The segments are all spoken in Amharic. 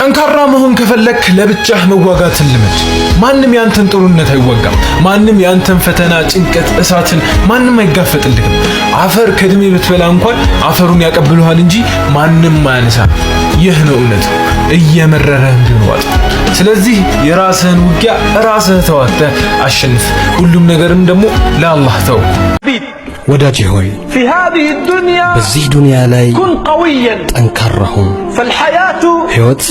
ጠንካራ መሆን ከፈለክ ለብቻህ መዋጋትን ልመድ። ማንም ያንተን ጥሩነት አይዋጋም። ማንም ያንተን ፈተና፣ ጭንቀት፣ እሳትን ማንም አይጋፈጥልህም። አፈር ከድሜ ብትበላ እንኳን አፈሩን ያቀብሉሃል እንጂ ማንም አያነሳ። ይህ ነው እውነት። እየመረረህ ቢሆን ስለዚህ የራስህን ውጊያ ራስህ ተዋግተህ አሸንፍ። ሁሉም ነገርም ደግሞ ለአላህ ተው። ወዳጅ ሆይ በዚህ ዱንያ ላይ ጠንካራ ሁን። ሕይወት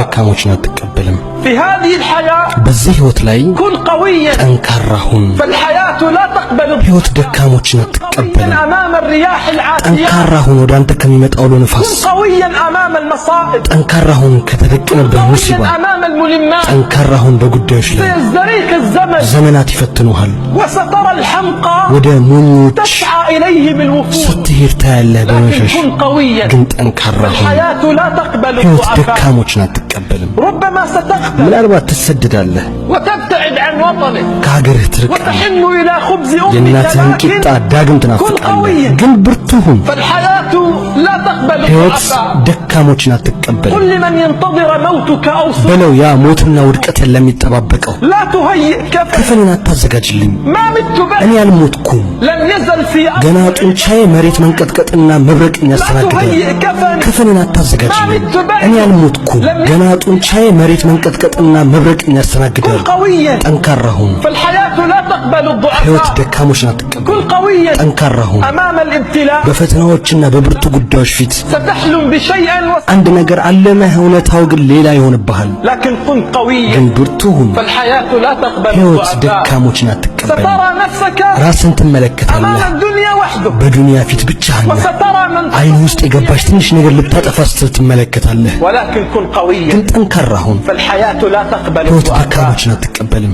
ደካሞችን አትቀበልም። في هذه الحياة بزهوت لي كن قويا تنكرهن فالحياة لا تقبل بيوت دكاموش قويا أمام الرياح العاتية تنكرهن ودانت كلمات أولو نفس كن قويا أمام المصائب تنكرهن كتذكنا بالمصيبة أمام الملمات تنكرهن بقداش لي سيزدريك الزمن زمنات يفتنوهن وسترى الحمقى ودا موت تسعى إليه الوفود ستهير تالا بمشش لكن كن قويا قلت أنكرهن الحياة لا تقبل بيوت دكاموش نتقبل ربما ستقبل ምናልባት ትሰደዳለህ፣ ከሀገርህ ትርቃለህ፣ የእናትህን ቂጣ ዳግም ትናፍቃለህ። ግን ብርቱ ሁን። ህይወት ደካሞችን አትቀበል በለው። ያ ሞትና ውድቀትን ለሚጠባበቀው ከፈኔን አታዘጋጅልኝ፣ እኔ አልሞትኩም። ገና ጡንቻዬ መሬት መንቀጥቀጥና መብረቅን ያስተናግዳል። ከፈኔን አታዘጋጅልኝ፣ እኔ አልሞትኩም። ገና ጡንቻዬ መሬት መንቀጥቀጥና መብረቅን ያስተናግዳል። ጠንካራ ሁን። ሕይወት ደካሞችን አትቀበል፣ ጠንካራ ሁን በፈተናዎችና በብርቱ ጉዳዮች ፊት አንድ ነገር አለመህ፣ እውነታው ግን ሌላ ይሆንብሃል። ግን ብርቱ ሁን። ሕይወት ደካሞችን አትቀበል። ትቀበላለህ፣ ራስን ትመለከታለህ። በዱንያ ፊት ብቻ አይን ውስጥ የገባች ትንሽ ነገር ልታጠፋ ስትል ትመለከታለህ። ግን ጠንካራ ሁን። ሕይወት ደካሞችን አትቀበልም።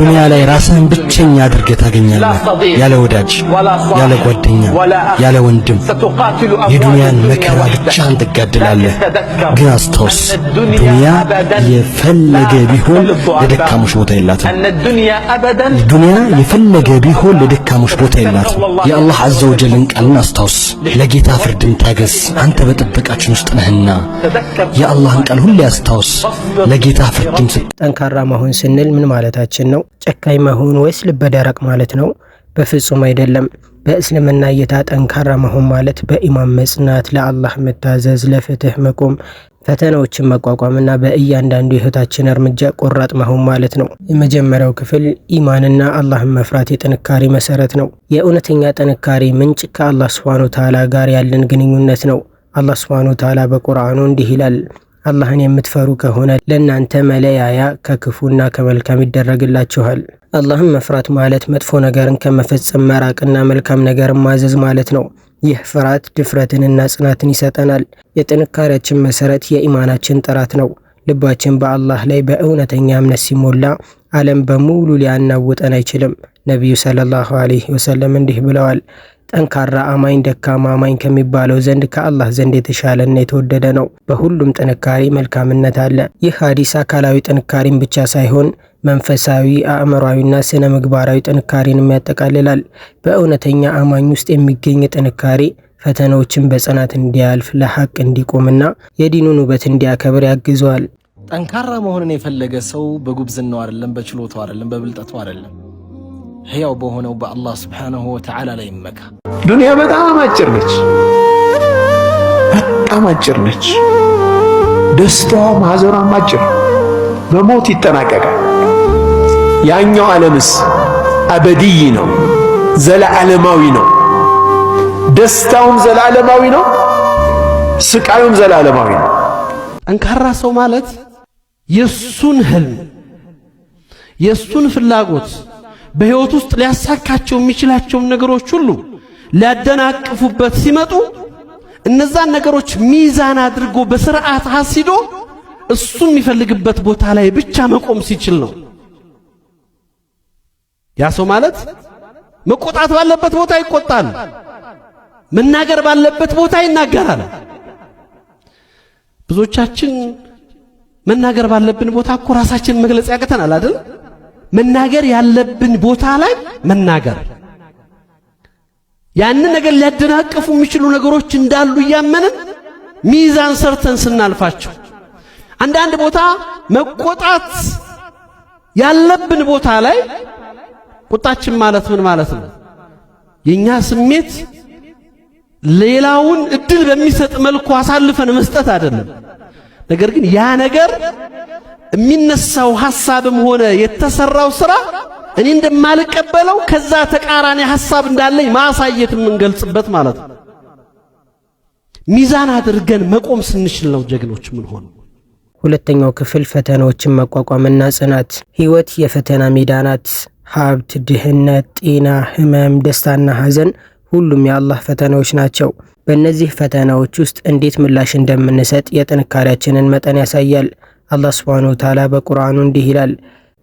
ዱንያ ላይ ራስህን ብቸኛ አድርገህ ታገኛለህ። ያለ ወዳጅ፣ ያለ ጓደኛ፣ ያለ ወንድም የዱንያን መከራ ብቻህን ትጋድላለህ። ግን አስታውስ፣ ዱንያ የፈለገ ቢሆን የደካሞች ቦታ የላትም። ዱንያ የፈለገ ቢሆን ለደካሞች ቦታ የላት። የአላህ አዘ ወጀልን ቃልን አስታውስ፣ ለጌታ ፍርድን ታገስ። አንተ በጥበቃችን ውስጥ ነህና የአላህን ቃል ሁሌ አስታውስ፣ ለጌታ ፍርድን። ጠንካራ መሆን ስንል ምን ማለታችን ነው? ጨካኝ መሆን ወይስ ልበደረቅ ማለት ነው? በፍጹም አይደለም። በእስልምና እይታ ጠንካራ መሆን ማለት በኢማም መጽናት፣ ለአላህ መታዘዝ፣ ለፍትህ መቆም፣ ፈተናዎችን መቋቋምና በእያንዳንዱ የህይወታችን እርምጃ ቆራጥ መሆን ማለት ነው። የመጀመሪያው ክፍል ኢማንና አላህን መፍራት የጥንካሬ መሰረት ነው። የእውነተኛ ጥንካሬ ምንጭ ከአላህ ስብሐነ ወተዓላ ጋር ያለን ግንኙነት ነው። አላህ ስብሐነ ወተዓላ በቁርአኑ እንዲህ ይላል፣ አላህን የምትፈሩ ከሆነ ለእናንተ መለያያ ከክፉና ከመልካም ይደረግላችኋል። አላህን መፍራት ማለት መጥፎ ነገርን ከመፈጸም መራቅና መልካም ነገርን ማዘዝ ማለት ነው። ይህ ፍርሃት ድፍረትንና ጽናትን ይሰጠናል። የጥንካሬያችን መሰረት የኢማናችን ጥራት ነው። ልባችን በአላህ ላይ በእውነተኛ እምነት ሲሞላ ዓለም በሙሉ ሊያናውጠን አይችልም። ነቢዩ ሰለላሁ ዐለይሂ ወሰለም እንዲህ ብለዋል፣ ጠንካራ አማኝ ደካማ አማኝ ከሚባለው ዘንድ ከአላህ ዘንድ የተሻለና የተወደደ ነው። በሁሉም ጥንካሬ መልካምነት አለ። ይህ ሐዲስ አካላዊ ጥንካሬን ብቻ ሳይሆን መንፈሳዊ አእምሯዊና ስነ ምግባራዊ ጥንካሬንም ያጠቃልላል። በእውነተኛ አማኝ ውስጥ የሚገኝ ጥንካሬ ፈተናዎችን በጽናት እንዲያልፍ ለሐቅ እንዲቆምና የዲኑን ውበት እንዲያከብር ያግዘዋል። ጠንካራ መሆንን የፈለገ ሰው በጉብዝናው አይደለም፣ በችሎታው አይደለም፣ በብልጠቱ አይደለም፣ ሕያው በሆነው በአላህ ስብሓነሁ ወተዓላ ላይ ይመካ። ዱንያ በጣም አጭር ነች፣ በጣም አጭር ነች። ደስታዋ ማዘኗም አጭር በሞት ይጠናቀቃል። ያኛው ዓለምስ አበድይ ነው፣ ዘላለማዊ ነው። ደስታውም ዘላለማዊ ነው፣ ስቃዩም ዘላለማዊ ነው። ጠንካራ ሰው ማለት የሱን ህልም የሱን ፍላጎት በህይወት ውስጥ ሊያሳካቸው የሚችላቸውን ነገሮች ሁሉ ሊያደናቅፉበት ሲመጡ እነዛን ነገሮች ሚዛን አድርጎ በስርዓት አሲዶ እሱ የሚፈልግበት ቦታ ላይ ብቻ መቆም ሲችል ነው። ያ ሰው ማለት መቆጣት ባለበት ቦታ ይቆጣል፣ መናገር ባለበት ቦታ ይናገራል። ብዙዎቻችን መናገር ባለብን ቦታ እኮ ራሳችን መግለጽ ያቅተናል አይደል? መናገር ያለብን ቦታ ላይ መናገር ያንን ነገር ሊያደናቅፉ የሚችሉ ነገሮች እንዳሉ እያመንን ሚዛን ሰርተን ስናልፋቸው አንዳንድ ቦታ መቆጣት ያለብን ቦታ ላይ ቁጣችን ማለት ምን ማለት ነው? የኛ ስሜት ሌላውን እድል በሚሰጥ መልኩ አሳልፈን መስጠት አይደለም። ነገር ግን ያ ነገር የሚነሳው ሐሳብም ሆነ የተሰራው ስራ እኔ እንደማልቀበለው ከዛ ተቃራኒ ሐሳብ እንዳለኝ ማሳየት የምንገልጽበት ማለት ነው። ሚዛን አድርገን መቆም ስንችል ነው ጀግኖች ምን ሆነ። ሁለተኛው ክፍል ፈተናዎችን መቋቋምና ጽናት። ህይወት የፈተና ሜዳ ናት። ሀብት፣ ድህነት፣ ጤና፣ ህመም፣ ደስታና ሀዘን ሁሉም የአላህ ፈተናዎች ናቸው። በእነዚህ ፈተናዎች ውስጥ እንዴት ምላሽ እንደምንሰጥ የጥንካሬያችንን መጠን ያሳያል። አላህ ሱብሓነሁ ወተዓላ በቁርአኑ እንዲህ ይላል፣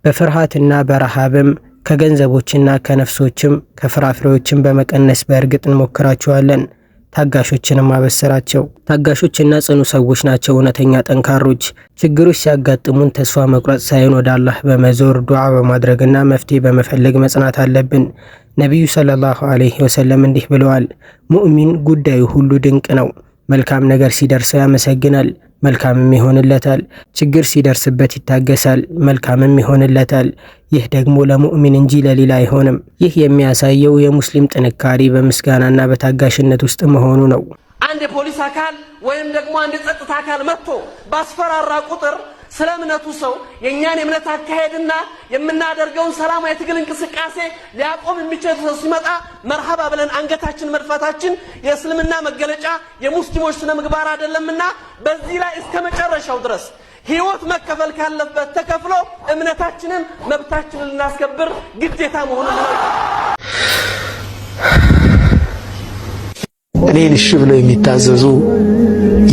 በፍርሃትና በረሃብም ከገንዘቦችና ከነፍሶችም ከፍራፍሬዎችም በመቀነስ በእርግጥ እንሞክራችኋለን። ታጋሾችንም አበሰራቸው። ታጋሾችና ጽኑ ሰዎች ናቸው እውነተኛ ጠንካሮች። ችግሮች ሲያጋጥሙን ተስፋ መቁረጥ ሳይሆን ወደ አላህ በመዞር ዱዓ በማድረግና መፍትሄ በመፈለግ መጽናት አለብን። ነቢዩ ሰለላሁ ዐለይሂ ወሰለም እንዲህ ብለዋል፣ ሙእሚን ጉዳዩ ሁሉ ድንቅ ነው። መልካም ነገር ሲደርሰው ያመሰግናል መልካምም ይሆንለታል። ችግር ሲደርስበት ይታገሳል፣ መልካምም ይሆንለታል። ይህ ደግሞ ለሙእሚን እንጂ ለሌላ አይሆንም። ይህ የሚያሳየው የሙስሊም ጥንካሬ በምስጋናና በታጋሽነት ውስጥ መሆኑ ነው። አንድ የፖሊስ አካል ወይም ደግሞ አንድ የጸጥታ አካል መጥቶ ባስፈራራ ቁጥር ስለ እምነቱ ሰው የእኛን የእምነት አካሄድና የምናደርገውን ሰላማዊ የትግል እንቅስቃሴ ሊያቆም የሚችል ሰው ሲመጣ መርሃባ ብለን አንገታችን መድፋታችን የእስልምና መገለጫ የሙስሊሞች ስነ ምግባር አይደለምና በዚህ ላይ እስከ መጨረሻው ድረስ ህይወት መከፈል ካለበት ተከፍሎ እምነታችንን መብታችንን ልናስከብር ግዴታ መሆኑን እኔን እሺ ብለው የሚታዘዙ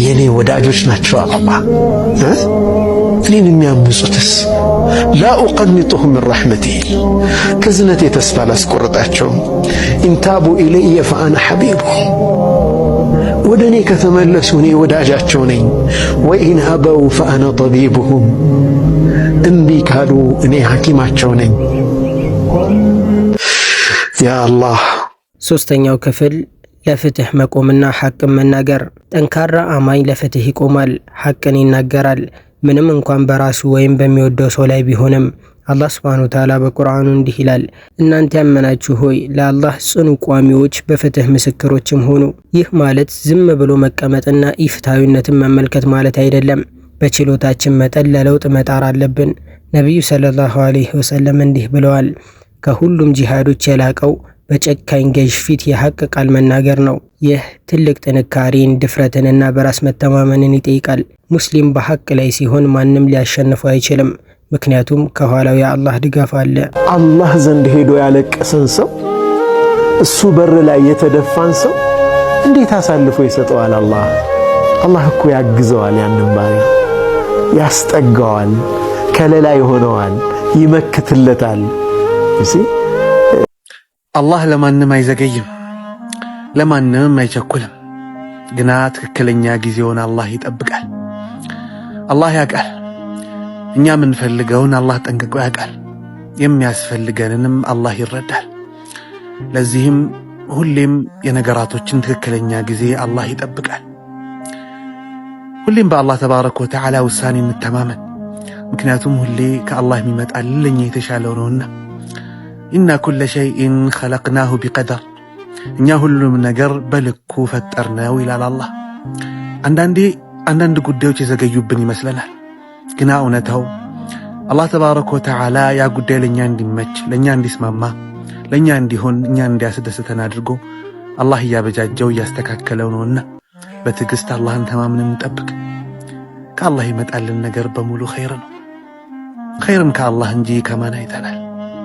የኔ ወዳጆች ናቸው። አላህ እኔን የሚያምፁትስ ላ ኡቀኒጡሁ ምን ረሕመቲ ከዝነቴ ተስፋ አላስቆርጣቸውም። ኢንታቡ ኢለየ ፈአና ሐቢቡሁም ወደ እኔ ከተመለሱ እኔ ወዳጃቸው ነኝ። ወኢን አበው ፈአና ጠቢቡሁም እምቢ ካሉ እኔ ሐኪማቸው ነኝ። ያ አላህ። ሦስተኛው ክፍል ለፍትህ መቆምና ሐቅን መናገር። ጠንካራ አማኝ ለፍትህ ይቆማል፣ ሐቅን ይናገራል። ምንም እንኳን በራሱ ወይም በሚወደው ሰው ላይ ቢሆንም አላህ ስብሐነሁ ወተዓላ በቁርአኑ እንዲህ ይላል፣ እናንተ ያመናችሁ ሆይ ለአላህ ጽኑ ቋሚዎች በፍትህ ምስክሮችም ሆኑ። ይህ ማለት ዝም ብሎ መቀመጥና ኢፍትሐዊነትን መመልከት ማለት አይደለም። በችሎታችን መጠን ለለውጥ መጣር አለብን። ነቢዩ ሰለላሁ ዐለይሂ ወሰለም እንዲህ ብለዋል፣ ከሁሉም ጂሃዶች የላቀው በጨካኝ ገዥ ፊት የሐቅ ቃል መናገር ነው። ይህ ትልቅ ጥንካሬን፣ ድፍረትንና በራስ መተማመንን ይጠይቃል። ሙስሊም በሐቅ ላይ ሲሆን ማንም ሊያሸንፈው አይችልም፣ ምክንያቱም ከኋላው የአላህ ድጋፍ አለ። አላህ ዘንድ ሄዶ ያለቀሰን ሰው፣ እሱ በር ላይ የተደፋን ሰው እንዴት አሳልፎ ይሰጠዋል? አላህ አላህ እኮ ያግዘዋል፣ ያንን ባሪያ ያስጠጋዋል፣ ከለላ ይሆነዋል፣ ይመክትለታል። አላህ ለማንም አይዘገይም፣ ለማንም አይቸኩልም። ግና ትክክለኛ ጊዜውን አላህ ይጠብቃል። አላህ ያውቃል። እኛ የምንፈልገውን አላህ ጠንቅቆ ያውቃል። የሚያስፈልገንንም አላህ ይረዳል። ለዚህም ሁሌም የነገራቶችን ትክክለኛ ጊዜ አላህ ይጠብቃል። ሁሌም በአላህ ተባረከ ወተዓላ ውሳኔ እንተማመን። ምክንያቱም ሁሌ ከአላህ የሚመጣልን ለኛ የተሻለው ነውና። ኢና ኩለ ሸይኢን ኸለቅናሁ ቢቀደር እኛ ሁሉም ነገር በልኩ ፈጠርነው ይላል አላህ። አንዳንዴ አንዳንድ ጉዳዮች የዘገዩብን ይመስለናል። ግና እውነታው አላህ ተባረከ ወተዓላ ያ ጉዳይ ለእኛ እንዲመች፣ ለእኛ እንዲስማማ፣ ለእኛ እንዲሆን፣ እኛ እንዲያስደስተን አድርጎ አላህ እያበጃጀው እያስተካከለው ነውና በትዕግሥት አላህን ተማምነን እንጠብቅ። ከአላህ ይመጣልን ነገር በሙሉ ኸይር ነው። ኸይርም ከአላህ እንጂ ከማን አይተናል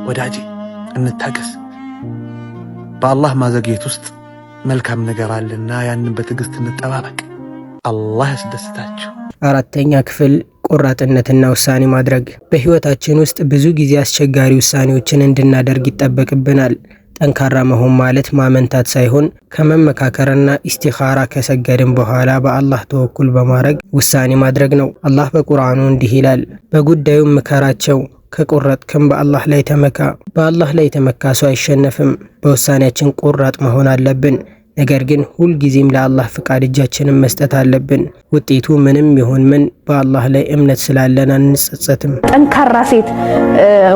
ወዳጄ እንታገስ። በአላህ ማዘግየት ውስጥ መልካም ነገር አለና ያንን በትዕግሥት እንጠባበቅ። አላህ ያስደስታችሁ። አራተኛ ክፍል ቆራጥነትና ውሳኔ ማድረግ። በሕይወታችን ውስጥ ብዙ ጊዜ አስቸጋሪ ውሳኔዎችን እንድናደርግ ይጠበቅብናል። ጠንካራ መሆን ማለት ማመንታት ሳይሆን ከመመካከርና ኢስቲኻራ ከሰገድን በኋላ በአላህ ተወኩል በማድረግ ውሳኔ ማድረግ ነው። አላህ በቁርአኑ እንዲህ ይላል፣ በጉዳዩም ምከራቸው ከቆረጥክም በአላህ ላይ ተመካ። በአላህ ላይ ተመካ ሰው አይሸነፍም። በውሳኔያችን ቆራጥ መሆን አለብን። ነገር ግን ሁልጊዜም ለአላህ ፍቃድ እጃችንን መስጠት አለብን። ውጤቱ ምንም ይሁን ምን በአላህ ላይ እምነት ስላለን አንጸጸትም። ጠንካራ ሴት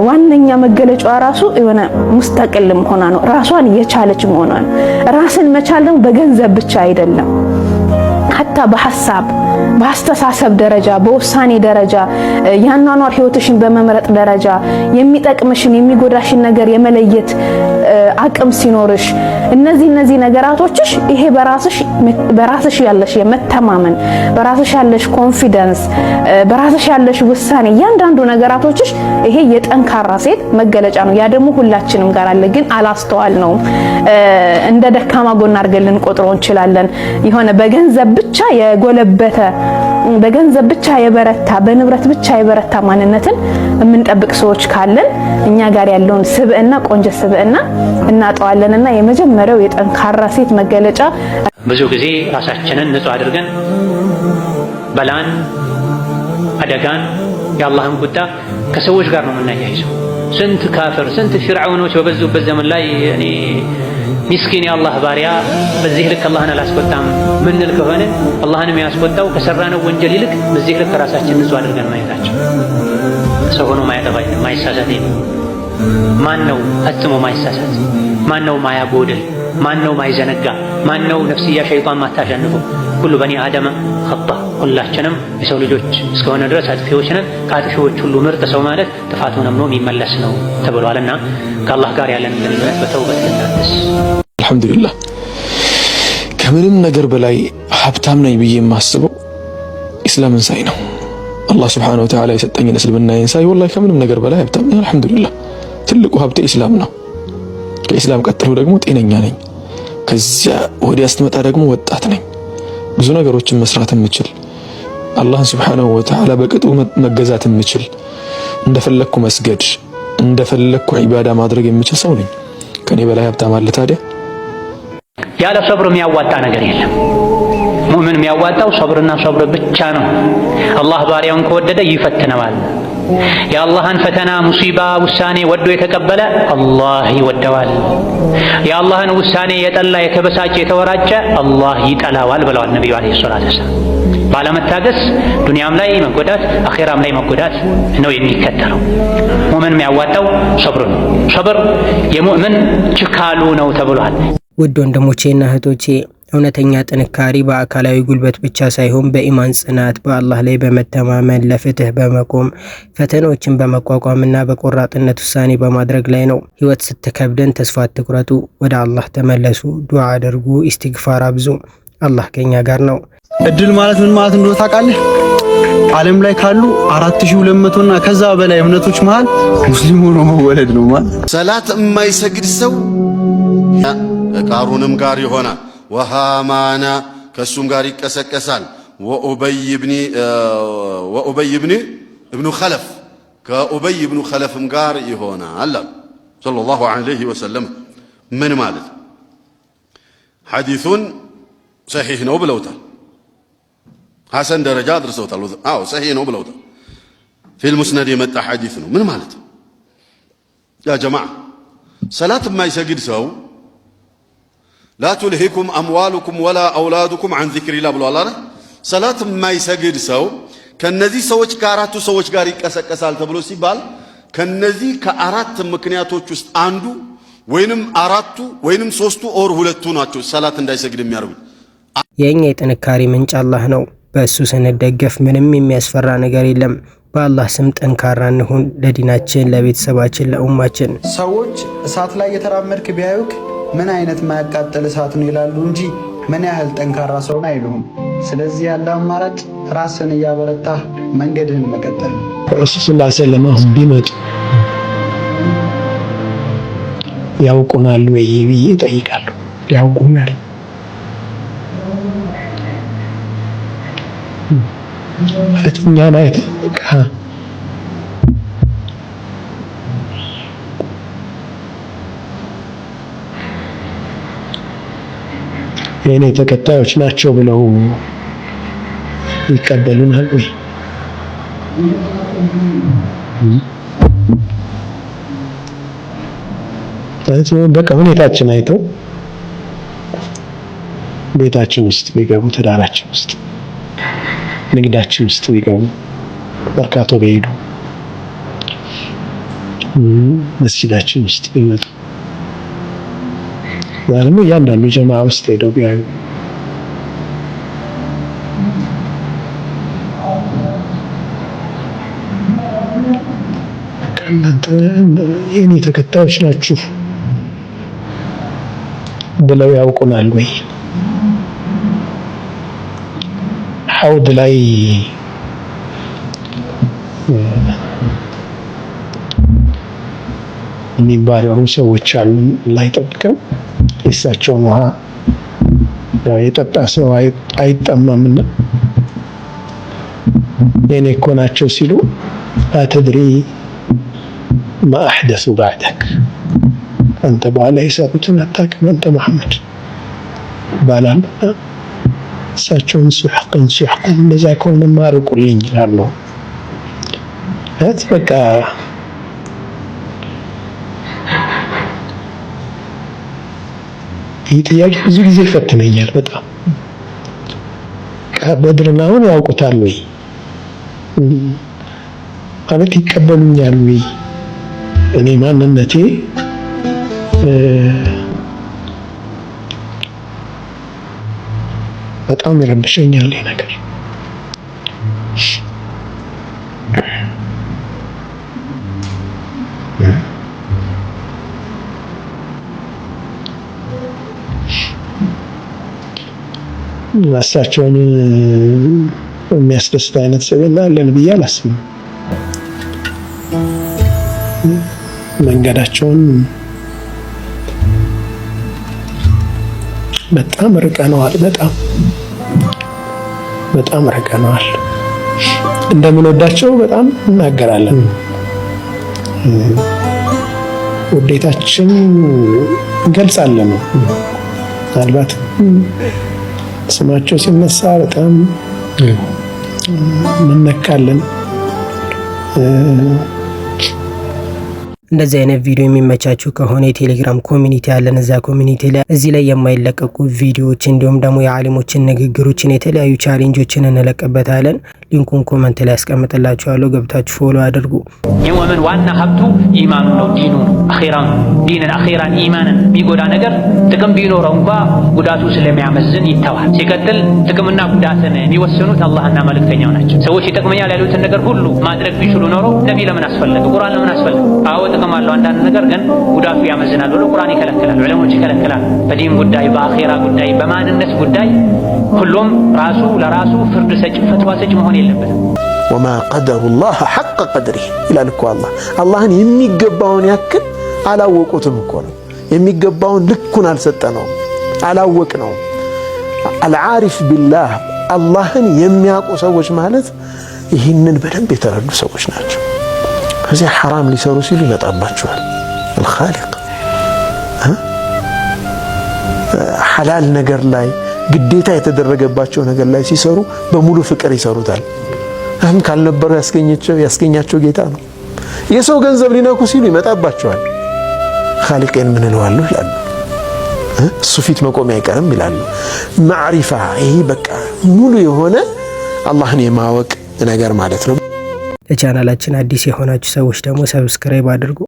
ዋነኛ መገለጫዋ ራሱ የሆነ ሙስተቅል መሆኗ ነው፣ ራሷን የቻለች መሆኗ ነው። ራስን መቻል ደግሞ በገንዘብ ብቻ አይደለም፣ ሀታ በሀሳብ በአስተሳሰብ ደረጃ፣ በውሳኔ ደረጃ፣ የአኗኗር ህይወትሽን በመምረጥ ደረጃ የሚጠቅምሽን የሚጎዳሽን ነገር የመለየት አቅም ሲኖርሽ እነዚህ እነዚህ ነገራቶችሽ ይሄ በራስሽ ያለሽ የመተማመን በራስሽ ያለሽ ኮንፊደንስ በራስሽ ያለሽ ውሳኔ እያንዳንዱ ነገራቶችሽ ይሄ የጠንካራ ሴት መገለጫ ነው። ያ ደግሞ ሁላችንም ጋር አለ፣ ግን አላስተዋል ነው እንደ ደካማ ጎን አድርገን ልንቆጥረው እንችላለን። የሆነ በገንዘብ ብቻ የጎለበተ በገንዘብ ብቻ የበረታ በንብረት ብቻ የበረታ ማንነትን የምንጠብቅ ሰዎች ካለን እኛ ጋር ያለውን ስብዕና ቆንጆ ስብዕና እናጠዋለንና የመጀመሪያው የጠንካራ ሴት መገለጫ ብዙ ጊዜ ራሳችንን ንጹህ አድርገን በላን አደጋን የአላህን ቁጣ ከሰዎች ጋር ነው የምናያይዘው። ስንት ካፍር ስንት ፊርዓውኖች በበዙበት ዘመን ላይ እኔ ሚስኪን የአላህ ባሪያ በዚህ ልክ አላህን አላስቆጣም ምንል ከሆነ አላህንም ያስቆጣው ከሰራነው ወንጀል ይልቅ በዚህ ልክ ራሳችን ንጹህ አድርገን ማየታቸው። ሰው ሆኖ ማይሳሳት የለም። ማን ነው ፈጽሞ ማይሳሳት? ማን ነው ማያጎድል? ማን ነው ማይዘነጋ? ማን ነው ነፍስያ ሸይጣን ማታሸንፈው? ሁሉ በኒ አደመ ኸጣ ሁላችንም የሰው ልጆች እስከሆነ ድረስ አጥፊዎች ነን። ከአጥፊዎች ሁሉ ምርጥ ሰው ማለት ጥፋቱን አምኖ የሚመለስ ነው ተብሏልና ከአላህ ጋር ያለን ግንኙነት በተውበት ልናድስ። አልሐምዱሊላህ ከምንም ነገር በላይ ሀብታም ነኝ ብዬ የማስበው ኢስላምን ሳይ ነው። አላህ ሱብሓነሁ ወተዓላ የሰጠኝን እስልምናዬን ሳይ ወላሂ ከምንም ነገር በላይ ሀብታም ነኝ። አልሐምዱሊላህ ትልቁ ሀብቴ ኢስላም ነው። ከኢስላም ቀጥሎ ደግሞ ጤነኛ ነኝ። ከዚያ ወዲያ ስትመጣ ደግሞ ወጣት ነኝ። ብዙ ነገሮችን መስራት የምችል አላህን ስብሓነሁ ወተዓላ በቅጡ መገዛት የምችል እንደፈለግኩ መስገድ እንደፈለግኩ ዒባዳ ማድረግ የምችል ሰው ነኝ። ከኔ በላይ ሀብታም አለ ታዲያ? ያለ ሰብር የሚያዋጣ ነገር የለም። ሙእምን የሚያዋጣው ሰብርና ሰብር ብቻ ነው። አላህ ባሪያውን ከወደደ ይፈትነዋል። የአላህን ፈተና ሙሲባ ውሳኔ ወዶ የተቀበለ አላህ ይወደዋል። የአላህን ውሳኔ የጠላ የተበሳጨ የተወራጨ አላህ ይጠላዋል ብለዋል ነቢዩ ዓለይሂ ሰላቱ ወሰላም። ባለመታገስ ዱንያም ላይ መጎዳት አኼራም ላይ መጎዳት ነው የሚከተለው። ሙእምን የሚያዋጣው ሰብር ነው። ሰብር የሙእምን ችካሉ ነው ተብሏል። ውድ ወንድሞቼና እህቶቼ እውነተኛ ጥንካሬ በአካላዊ ጉልበት ብቻ ሳይሆን በኢማን ጽናት፣ በአላህ ላይ በመተማመን ለፍትህ በመቆም ፈተናዎችን በመቋቋምና በቆራጥነት ውሳኔ በማድረግ ላይ ነው። ህይወት ስትከብደን ተስፋ አትቁረጡ፣ ወደ አላህ ተመለሱ፣ ዱዓ አድርጉ፣ ኢስቲግፋር አብዙ። አላህ ከኛ ጋር ነው። እድል ማለት ምን ማለት እንደሆነ ታውቃለህ? ዓለም ላይ ካሉ 4200 እና ከዛ በላይ እምነቶች መሃል ሙስሊም ሆኖ መወለድ ነው ማለት። ሰላት የማይሰግድ ሰው ከቃሩንም ጋር ይሆናል። وهامان كسوم كسكسان وأبي بن آه، وأبي بن ابن خلف كأبي بن خلف مقار هنا علم صلى الله عليه وسلم من مالك حديث صحيح نوبلوتا حسن درجة درسوتا أو آه، صحيح نوبلوتا في المسند متى حديثنا من مالك يا جماعة صلاة ما يسجد سو ላቱልሂኩም አምዋሉኩም ወላ አውላዱኩም አን ዚክሪላ ብሏል አለ። ሰላት የማይሰግድ ሰው ከነዚህ ሰዎች ከአራቱ ሰዎች ጋር ይቀሰቀሳል ተብሎ ሲባል ከነዚህ ከአራት ምክንያቶች ውስጥ አንዱ ወይንም አራቱ ወይንም ሶስቱ ኦር ሁለቱ ናቸው ሰላት እንዳይሰግድ የሚያደርጉ የእኛ የጥንካሬ ምንጭ አላህ ነው። በእሱ ስንደገፍ ምንም የሚያስፈራ ነገር የለም። በአላህ ስም ጠንካራ እንሁን፣ ለዲናችን፣ ለቤተሰባችን፣ ለኡማችን። ሰዎች እሳት ላይ የተራመድክ ቢያዩክ ምን አይነት ማያቃጠል እሳት ነው ይላሉ እንጂ ምን ያህል ጠንካራ ሰውን አይሉም። ስለዚህ ያለ አማራጭ ራስን እያበረታ መንገድህን መቀጠል። ረሱል ስላ ሰለም ቢመጡ ያውቁናል ወይ ብዬ ይጠይቃሉ። ያውቁናል እኛ ናየት የእኔ ተከታዮች ናቸው ብለው ይቀበሉናል ወይ? በቃ ሁኔታችን አይተው ቤታችን ውስጥ ቢገቡ፣ ትዳራችን ውስጥ፣ ንግዳችን ውስጥ ቢገቡ፣ መርካቶ ቢሄዱ፣ መስጊዳችን ውስጥ ቢመጡ ደግሞ እያንዳንዱ ጀማ ውስጥ ሄደው ቢያዩ እናንተ ተከታዮች ናችሁ ብለው ያውቁናል ወይ? ሐውድ ላይ የሚባለውን ሰዎች አሉ ላይጠብቅም የእሳቸውን ውሃ የጠጣ ሰው አይጠመምና የኔ እኮ ናቸው ሲሉ አትድሪ ማአሕደሱ ባዕደክ አንተ በኋላ የሰሩትን አታውቅም አንተ መሐመድ ባላልና እሳቸውን ሱሕቅን ሱሕቅን እንደዛ ከሆነማ ርቁልኝ ይላሉ በቃ ይህ ጥያቄ ብዙ ጊዜ ይፈትነኛል በጣም በድርን አሁን ያውቁታል ወይ ማለት ይቀበሉኛል ወይ እኔ ማንነቴ በጣም ይረብሸኛል ይሄ ነገር እሳቸውን የሚያስደስት አይነት ሰው የለን ብዬ አላስብም። መንገዳቸውን በጣም ርቀነዋል። በጣም በጣም ርቀነዋል። እንደምንወዳቸው በጣም እናገራለን። ውዴታችን እንገልጻለን። ምናልባት ስማቸው ሲነሳ በጣም እንነካለን። እንደዚህ አይነት ቪዲዮ የሚመቻችሁ ከሆነ የቴሌግራም ኮሚኒቲ ያለን እዛ ኮሚኒቲ ላይ እዚህ ላይ የማይለቀቁ ቪዲዮዎች እንዲሁም ደግሞ የአሊሞችን ንግግሮችን፣ የተለያዩ ቻሌንጆችን እንለቅበታለን። ሊንኩን ኮመንት ላይ ያስቀምጥላችኋለሁ። ገብታችሁ ፎሎ አድርጉ። የሞመን ዋና ሀብቱ ኢማኑ ነው፣ ዲኑ ነው፣ አኼራ ነው። ዲንን አኼራን ኢማንን የሚጎዳ ነገር ጥቅም ቢኖረው እንኳ ጉዳቱ ስለሚያመዝን ይተዋል። ሲቀጥል ጥቅምና ጉዳትን የሚወስኑት አላህና መልእክተኛው ናቸው። ሰዎች ይጠቅመኛል ያሉትን ነገር ሁሉ ማድረግ ቢችሉ ኖሮ ነቢ ለምን አስፈለገ? ቁርአን ለምን አስፈለገ? አዎ ጥቅም አለው አንዳንድ ነገር ግን ጉዳቱ ያመዝናል ብሎ ቁርአን ይከለክላል፣ ዕለሞች ይከለክላል። በዲን ጉዳይ፣ በአኼራ ጉዳይ፣ በማንነት ጉዳይ ሁሉም ራሱ ለራሱ ፍርድ ሰጭ፣ ፈትዋ ሰጭ መሆን የለበትም። ወማ ቀደሩላህ ሐቀ ቀድሪህ ይላል እኮ አላህ። አላህን የሚገባውን ያክል አላወቁትም እኮ ነው። የሚገባውን ልኩን አልሰጠነውም፣ ነው አልዓሪፍ ቢላህ አላህን የሚያውቁ ሰዎች ማለት ይህንን በደንብ የተረዱ ሰዎች ናቸው። ከዚያ ሐራም ሊሰሩ ሲሉ ይመጣባቸዋል። አልኻሊቅ ሐላል ነገር ላይ ግዴታ የተደረገባቸው ነገር ላይ ሲሰሩ በሙሉ ፍቅር ይሰሩታል። እህም ካልነበረው ያስገኘቸው ያስገኛቸው ጌታ ነው። የሰው ገንዘብ ሊነኩ ሲሉ ይመጣባቸዋል። ኻሊቄን ምን እለዋለሁ ይላሉ። እሱ ፊት መቆም አይቀርም ይላሉ። ማዕሪፋ ይሄ በቃ ሙሉ የሆነ አላህን የማወቅ ነገር ማለት ነው። ለቻናላችን አዲስ የሆናችሁ ሰዎች ደግሞ ሰብስክራይብ አድርጉ።